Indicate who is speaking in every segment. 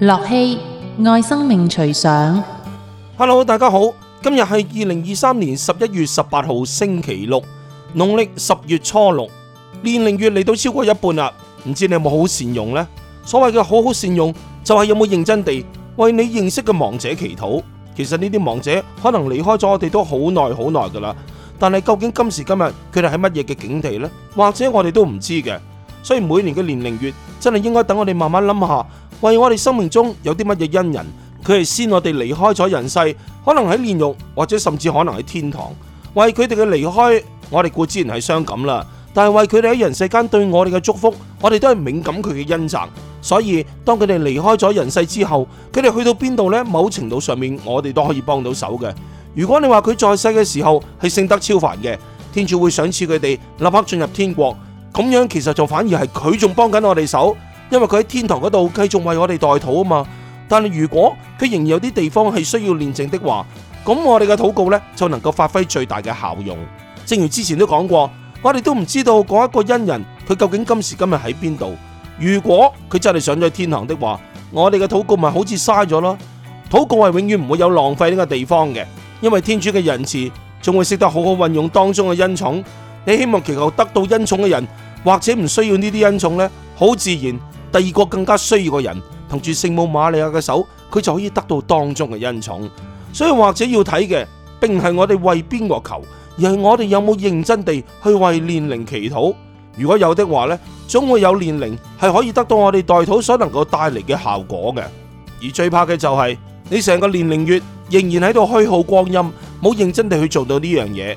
Speaker 1: 駱曦愛生命隨想，Hello，大家好，今日係二零二三年十一月十八號星期六，農曆十月初六，煉靈月嚟到超過一半啦，唔知你有冇好善用呢？所謂嘅好好善用，就係、是、有冇認真地為你認識嘅亡者祈禱。其實呢啲亡者可能離開咗我哋都好耐好耐噶啦，但係究竟今時今日佢哋喺乜嘢嘅境地呢？或者我哋都唔知嘅，所以每年嘅煉靈月真係應該等我哋慢慢諗下。為我哋生命中有啲乜嘢恩人，佢係先我哋離開咗人世，可能喺煉獄或者甚至可能喺天堂。為佢哋嘅離開，我哋固然係傷感啦，但係為佢哋喺人世間對我哋嘅祝福，我哋都係敏感佢嘅恩澤。所以當佢哋離開咗人世之後，佢哋去到邊度呢？某程度上面我哋都可以幫到手嘅。如果你話佢在世嘅時候係聖德超凡嘅，天主會賞賜佢哋立刻進入天國。咁樣其實就反而係佢仲幫緊我哋手。因為佢喺天堂嗰度繼續為我哋代禱啊嘛，但係如果佢仍然有啲地方係需要煉淨的話，咁我哋嘅禱告咧就能夠發揮最大嘅效用。正如之前都講過，我哋都唔知道嗰一個恩人佢究竟今時今日喺邊度。如果佢真係上咗天堂的話，我哋嘅禱告咪好似嘥咗咯。禱告係永遠唔會有浪費呢個地方嘅，因為天主嘅仁慈仲會識得好好運用當中嘅恩寵。你希望祈求得到恩寵嘅人，或者唔需要呢啲恩寵咧，好自然。第二個更加需要個人同住聖母瑪利亞嘅手，佢就可以得到當中嘅恩寵。所以或者要睇嘅，並唔係我哋為邊個求，而係我哋有冇認真地去為煉靈祈禱。如果有的話呢，總會有煉靈係可以得到我哋代禱所能夠帶嚟嘅效果嘅。而最怕嘅就係、是、你成個煉靈月仍然喺度虛耗光陰，冇認真地去做到呢樣嘢。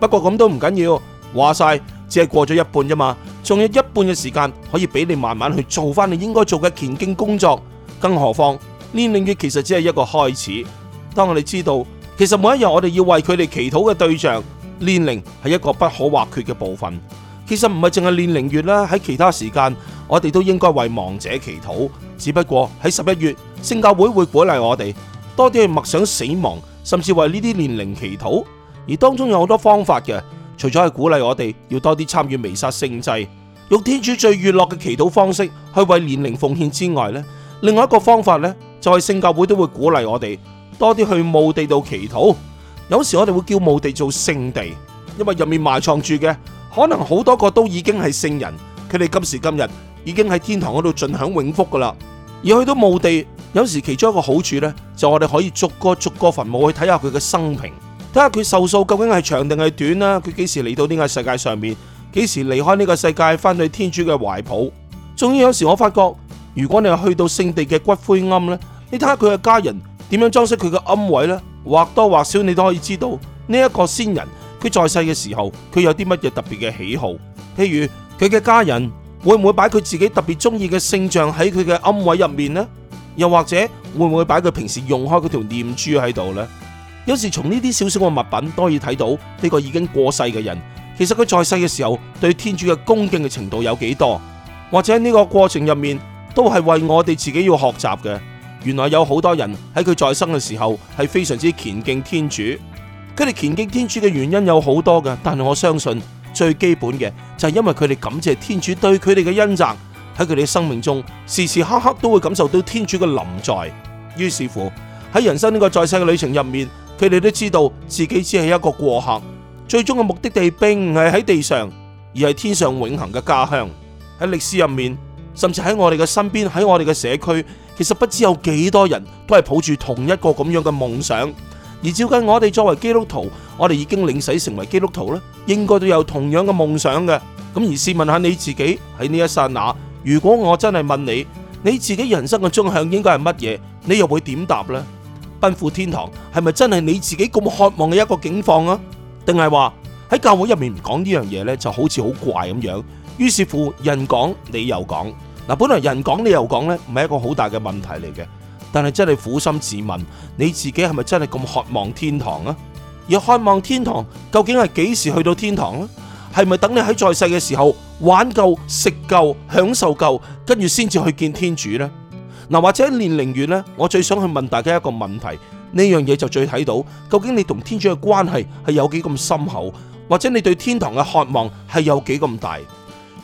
Speaker 1: 不過咁都唔緊要，話晒只係過咗一半啫嘛，仲有一。半嘅時間可以俾你慢慢去做翻你應該做嘅虔敬工作，更何況煉靈月其實只係一個開始。當我哋知道其實每一日我哋要為佢哋祈禱嘅對象煉靈係一個不可或缺嘅部分。其實唔係淨係煉靈月啦，喺其他時間我哋都應該為亡者祈禱。只不過喺十一月聖教會會鼓勵我哋多啲去默想死亡，甚至為呢啲煉靈祈禱。而當中有好多方法嘅，除咗係鼓勵我哋要多啲參與彌撒聖祭。用天主最悦樂嘅祈禱方式去為年齡奉獻之外呢，另外一個方法呢就係聖教會都會鼓勵我哋多啲去墓地度祈禱。有時我哋會叫墓地做聖地，因為入面埋藏住嘅可能好多個都已經係聖人，佢哋今時今日已經喺天堂嗰度盡享永福㗎喇。而去到墓地，有時其中一個好處呢就我哋可以逐個逐個墳墓去睇下佢嘅生平，睇下佢壽數究竟係長定係短啦，佢幾時嚟到呢個世界上面。幾時離開呢個世界，翻去天主嘅懷抱？仲有有時我發覺，如果你去到聖地嘅骨灰龕呢，你睇下佢嘅家人點樣裝飾佢嘅龕位呢？或多或少你都可以知道呢一個先人佢在世嘅時候，佢有啲乜嘢特別嘅喜好。譬如佢嘅家人會唔會擺佢自己特別中意嘅聖像喺佢嘅龕位入面呢？又或者會唔會擺佢平時用開嗰條念珠喺度呢？有時從呢啲少少嘅物品，都可以睇到呢個已經過世嘅人。其實佢在世嘅時候對天主嘅恭敬嘅程度有幾多，或者呢個過程入面都係為我哋自己要學習嘅。原來有好多人喺佢在生嘅時候係非常之虔敬天主，佢哋虔敬天主嘅原因有好多嘅，但我相信最基本嘅就係因為佢哋感謝天主對佢哋嘅恩澤，喺佢哋嘅生命中時時刻刻都會感受到天主嘅臨在。於是乎喺人生呢個在世嘅旅程入面，佢哋都知道自己只係一個過客。最終嘅目的地並唔係喺地上，而係天上永恒嘅家鄉。喺歷史入面，甚至喺我哋嘅身邊，喺我哋嘅社區，其實不知有幾多人都係抱住同一個咁樣嘅夢想。而照計我哋作為基督徒，我哋已經領洗成為基督徒啦，應該都有同樣嘅夢想嘅。咁而試問下你自己喺呢一剎那，如果我真係問你，你自己人生嘅終向應該係乜嘢？你又會點答呢？「奔赴天堂」係咪真係你自己咁渴望嘅一個境況啊？定係話喺教會入面唔講呢樣嘢呢，就好似好怪咁樣。於是乎，人講你又講嗱，本來人講你又講呢，唔係一個好大嘅問題嚟嘅。但係真係苦心自問，你自己係咪真係咁渴望天堂呢？而渴望天堂究竟係幾時去到天堂呢？係咪等你喺在世嘅時候玩夠、食夠、享受夠，跟住先至去見天主呢？嗱，或者年齡月呢，我最想去問大家一個問題。呢樣嘢就最睇到，究竟你同天主嘅關係係有幾咁深厚，或者你對天堂嘅渴望係有幾咁大？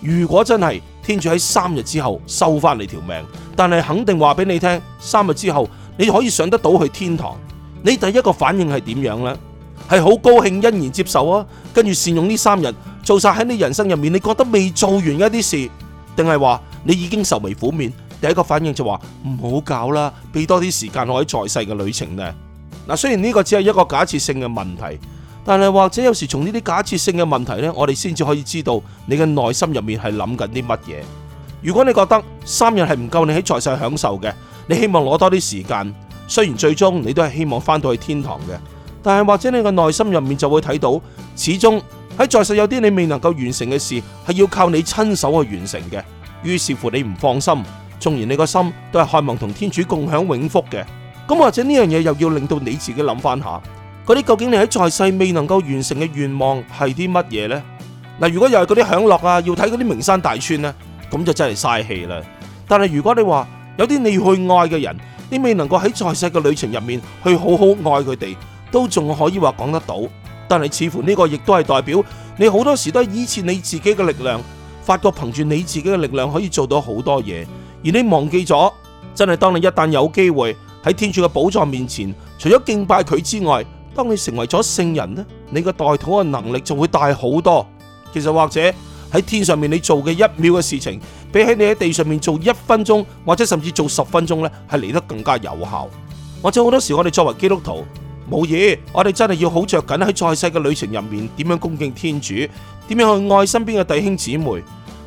Speaker 1: 如果真係天主喺三日之後收翻你條命，但係肯定話俾你聽，三日之後你可以上得到去天堂，你第一個反應係點樣呢？係好高興欣然接受啊，跟住善用呢三日，做晒喺你人生入面你覺得未做完嘅一啲事，定係話你已經愁眉苦面？第一個反應就話唔好搞啦，俾多啲時間我喺在世嘅旅程呢。嗱，雖然呢個只係一個假設性嘅問題，但係或者有時從呢啲假設性嘅問題呢，我哋先至可以知道你嘅內心入面係諗緊啲乜嘢。如果你覺得三日係唔夠你喺在，在世享受嘅，你希望攞多啲時間。雖然最終你都係希望翻到去天堂嘅，但係或者你嘅內心入面就會睇到，始終喺在，在世有啲你未能夠完成嘅事，係要靠你親手去完成嘅。於是乎，你唔放心。縱然你個心都係渴望同天主共享永福嘅，咁或者呢樣嘢又要令到你自己諗翻下，嗰啲究竟你喺在，在世未能夠完成嘅願望係啲乜嘢呢？嗱，如果又係嗰啲享樂啊，要睇嗰啲名山大川呢，啊，咁就真係嘥氣啦。但係如果你話有啲你去愛嘅人，你未能夠喺在世嘅旅程入面去好好愛佢哋，都仲可以話講得到。但係似乎呢個亦都係代表你好多時都係倚恃你自己嘅力量，發覺憑住你自己嘅力量可以做到好多嘢。而你忘記咗，真係當你一旦有機會喺天主嘅寶藏面前，除咗敬拜佢之外，當你成爲咗聖人呢，你嘅代禱嘅能力就會大好多。其實或者喺天上面你做嘅一秒嘅事情，比喺你喺地上面做一分鐘或者甚至做十分鐘呢，係嚟得更加有效。或者好多時我哋作爲基督徒，冇嘢，我哋真係要好着緊喺在世嘅旅程入面，點樣恭敬天主，點樣去愛身邊嘅弟兄姊妹。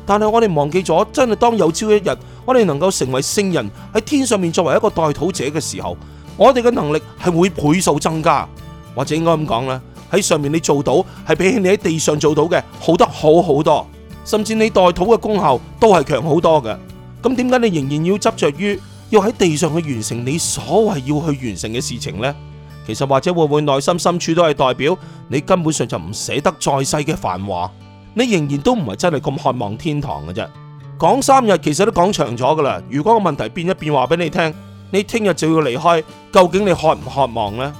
Speaker 1: 但係我哋忘記咗，真係當有朝一日我哋能夠成為聖人喺天上面作為一個代禱者嘅時候，我哋嘅能力係會倍數增加，或者應該咁講啦，喺上面你做到係比起你喺地上做到嘅好得好好多，甚至你代禱嘅功效都係強好多嘅。咁點解你仍然要執着於要喺地上去完成你所謂要去完成嘅事情呢？其實或者會唔會內心深處都係代表你根本上就唔捨得在世嘅繁華？你仍然都唔係真係咁渴望天堂嘅啫，講三日其實都講長咗噶啦。如果個問題變一變，話俾你聽，你聽日就要離開，究竟你渴唔渴望呢？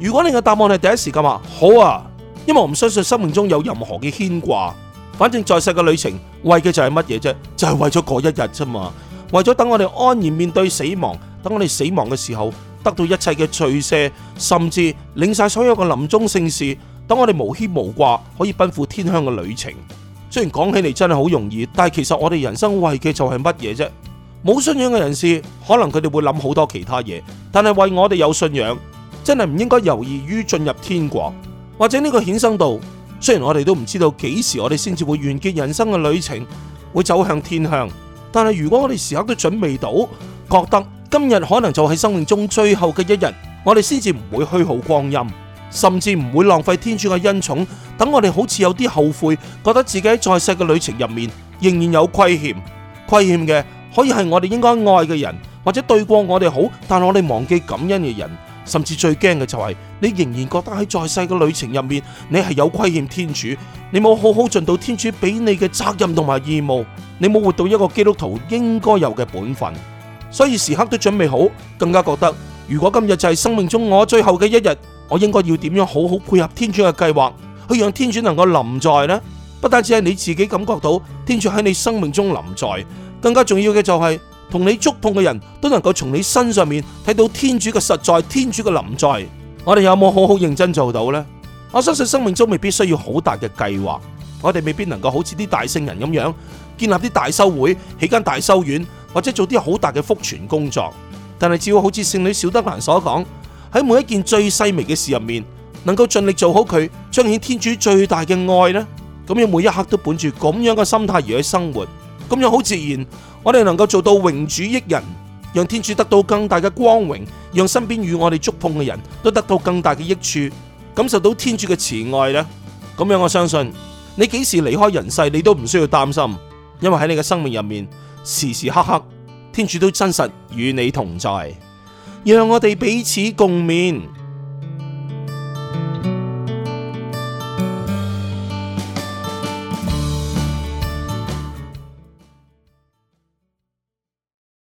Speaker 1: 如果你嘅答案係第一時間話好啊，因為我唔相信生命中有任何嘅牽掛，反正在世嘅旅程為嘅就係乜嘢啫？就係為咗嗰一日啫嘛，為咗等我哋安然面對死亡，等我哋死亡嘅時候得到一切嘅垂赦，甚至領晒所有嘅臨終聖事。等我哋無牽無掛，可以奔赴天鄉嘅旅程，雖然講起嚟真係好容易，但係其實我哋人生為嘅就係乜嘢啫？冇信仰嘅人士可能佢哋會諗好多其他嘢，但係為我哋有信仰，真係唔應該猶豫於進入天國。或者呢個衍生道，雖然我哋都唔知道幾時我哋先至會完結人生嘅旅程，會走向天鄉。但係如果我哋時刻都準備到，覺得今日可能就係生命中最後嘅一日，我哋先至唔會虛耗光陰。甚至唔會浪費天主嘅恩寵。等我哋好似有啲後悔，覺得自己喺在，在世嘅旅程入面仍然有虧欠，虧欠嘅可以係我哋應該愛嘅人，或者對過我哋好，但我哋忘記感恩嘅人。甚至最驚嘅就係、是、你仍然覺得喺在，在世嘅旅程入面，你係有虧欠天主，你冇好好盡到天主俾你嘅責任同埋義務，你冇活到一個基督徒應該有嘅本分。所以時刻都準備好，更加覺得如果今日就係生命中我最後嘅一日。我應該要點樣好好配合天主嘅計劃，去讓天主能夠臨在呢？不單止係你自己感覺到天主喺你生命中臨在，更加重要嘅就係同你觸碰嘅人都能夠從你身上睇到天主嘅實在，天主嘅臨在，我哋有冇好好認真做到呢？我相信生命中未必需要好大嘅計劃，我哋未必能夠好似啲大聖人噉樣建立啲大修會、起間大修院或者做啲好大嘅福傳工作，但係只要好似聖女小德蘭所講喺每一件最細微嘅事入面，能夠盡力做好佢，彰顯天主最大嘅愛呢。咁樣每一刻都本住咁樣嘅心態而去生活，咁樣好自然，我哋能夠做到榮主益人，讓天主得到更大嘅光榮，讓身邊與我哋觸碰嘅人都得到更大嘅益處，感受到天主嘅慈愛呢。咁樣我相信你幾時離開人世，你都唔需要擔心，因為喺你嘅生命入面，時時刻刻天主都真實與你同在。讓我哋彼此共勉。